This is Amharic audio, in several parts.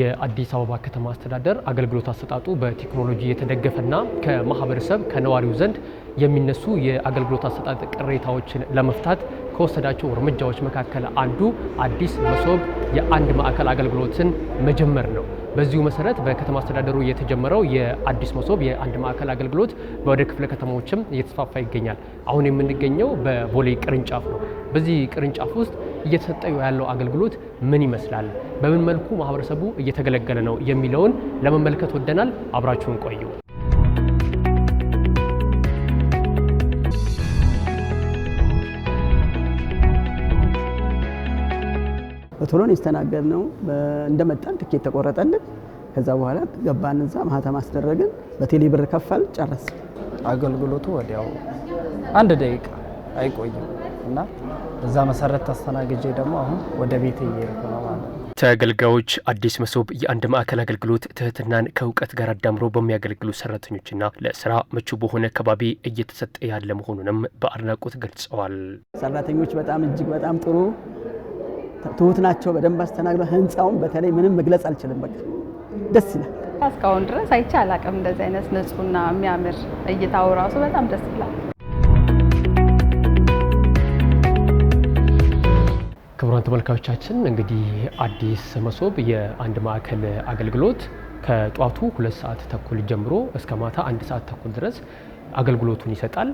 የአዲስ አበባ ከተማ አስተዳደር አገልግሎት አሰጣጡ በቴክኖሎጂ የተደገፈና ከማህበረሰብ ከነዋሪው ዘንድ የሚነሱ የአገልግሎት አሰጣጥ ቅሬታዎችን ለመፍታት ከወሰዳቸው እርምጃዎች መካከል አንዱ አዲስ መሶብ የአንድ ማዕከል አገልግሎትን መጀመር ነው። በዚሁ መሰረት በከተማ አስተዳደሩ የተጀመረው የአዲስ መሶብ የአንድ ማዕከል አገልግሎት ወደ ክፍለ ከተሞችም እየተስፋፋ ይገኛል። አሁን የምንገኘው በቦሌ ቅርንጫፍ ነው። በዚህ ቅርንጫፍ ውስጥ እየተሰጠው ያለው አገልግሎት ምን ይመስላል፣ በምን መልኩ ማህበረሰቡ እየተገለገለ ነው የሚለውን ለመመልከት ወደናል። አብራችሁን ቆዩ። በቶሎን የተስተናገድ ነው። እንደመጣን ትኬት ተቆረጠልን። ከዛ በኋላ ገባን፣ እዛ ማህተም አስደረግን፣ በቴሌብር ከፋል፣ ጨረስ። አገልግሎቱ ወዲያው አንድ ደቂቃ አይቆይም። እና እዛ መሰረት ተስተናግጄ ደግሞ አሁን ወደ ቤት እየሄድኩ ነው ማለት ነው። ተገልጋዮች አዲስ መሶብ የአንድ ማዕከል አገልግሎት ትህትናን ከእውቀት ጋር አዳምሮ በሚያገለግሉ ሰራተኞችና ለስራ ምቹ በሆነ ከባቢ እየተሰጠ ያለ መሆኑንም በአድናቆት ገልጸዋል። ሰራተኞች በጣም እጅግ በጣም ጥሩ ትሁት ናቸው። በደንብ አስተናግዶ ህንፃውን በተለይ ምንም መግለጽ አልችልም። በቃ ደስ ይላል። እስካሁን ድረስ አይቼ አላቅም። እንደዚህ አይነት ንጹህና የሚያምር እይታው ራሱ በጣም ደስ ይላል። ክቡራን ተመልካዮቻችን እንግዲህ አዲስ መሶብ የአንድ ማዕከል አገልግሎት ከጧቱ ሁለት ሰዓት ተኩል ጀምሮ እስከ ማታ አንድ ሰዓት ተኩል ድረስ አገልግሎቱን ይሰጣል።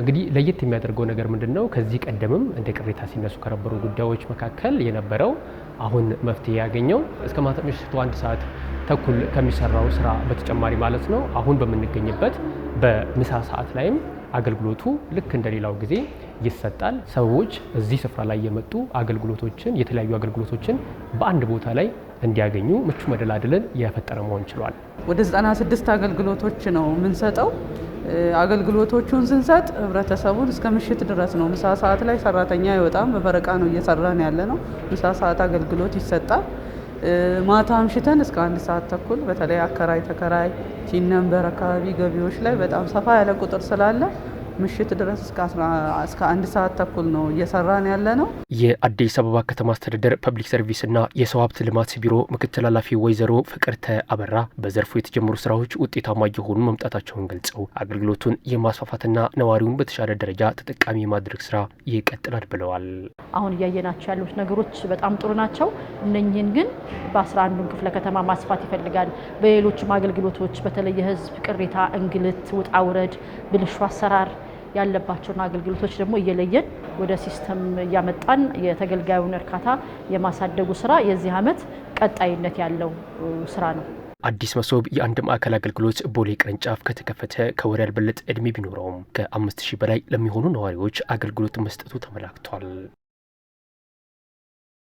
እንግዲህ ለየት የሚያደርገው ነገር ምንድን ነው? ከዚህ ቀደምም እንደ ቅሬታ ሲነሱ ከነበሩ ጉዳዮች መካከል የነበረው አሁን መፍትሄ ያገኘው እስከ ማታ ምሽቱ አንድ ሰዓት ተኩል ከሚሰራው ስራ በተጨማሪ ማለት ነው አሁን በምንገኝበት በምሳ ሰዓት ላይም አገልግሎቱ ልክ እንደሌላው ጊዜ ይሰጣል። ሰዎች እዚህ ስፍራ ላይ የመጡ አገልግሎቶችን የተለያዩ አገልግሎቶችን በአንድ ቦታ ላይ እንዲያገኙ ምቹ መደላድልን የፈጠረ መሆን ችሏል። ወደ 96 አገልግሎቶች ነው የምንሰጠው። አገልግሎቶቹን ስንሰጥ ህብረተሰቡን እስከ ምሽት ድረስ ነው። ምሳ ሰዓት ላይ ሰራተኛ አይወጣም፣ በበረቃ ነው እየሰራን ያለ ነው። ምሳ ሰዓት አገልግሎት ይሰጣል። ማታ አምሽተን እስከ አንድ ሰዓት ተኩል በተለይ አከራይ ተከራይ ነንበር አካባቢ ገቢዎች ላይ በጣም ሰፋ ያለ ቁጥር ስላለ ምሽት ድረስ እስከ አንድ ሰዓት ተኩል ነው እየሰራን ያለ ነው። የአዲስ አበባ ከተማ አስተዳደር ፐብሊክ ሰርቪስና የሰው ሀብት ልማት ቢሮ ምክትል ኃላፊ ወይዘሮ ፍቅርተ አበራ በዘርፉ የተጀመሩ ስራዎች ውጤታማ እየሆኑ መምጣታቸውን ገልጸው አገልግሎቱን የማስፋፋትና ነዋሪውን በተሻለ ደረጃ ተጠቃሚ የማድረግ ስራ ይቀጥላል ብለዋል። አሁን እያየናቸው ያሉት ነገሮች በጣም ጥሩ ናቸው። እነኚህን ግን በአስራ አንዱን ክፍለ ከተማ ማስፋት ይፈልጋል። በሌሎችም አገልግሎቶች በተለይ የህዝብ ቅሬታ፣ እንግልት፣ ውጣ ውረድ፣ ብልሹ አሰራር ያለባቸውን አገልግሎቶች ደግሞ እየለየን ወደ ሲስተም እያመጣን የተገልጋዩን እርካታ የማሳደጉ ስራ የዚህ ዓመት ቀጣይነት ያለው ስራ ነው። አዲስ መሶብ የአንድ ማዕከል አገልግሎት ቦሌ ቅርንጫፍ ከተከፈተ ከወር ያልበለጠ እድሜ ቢኖረውም ከአምስት ሺህ በላይ ለሚሆኑ ነዋሪዎች አገልግሎት መስጠቱ ተመላክቷል።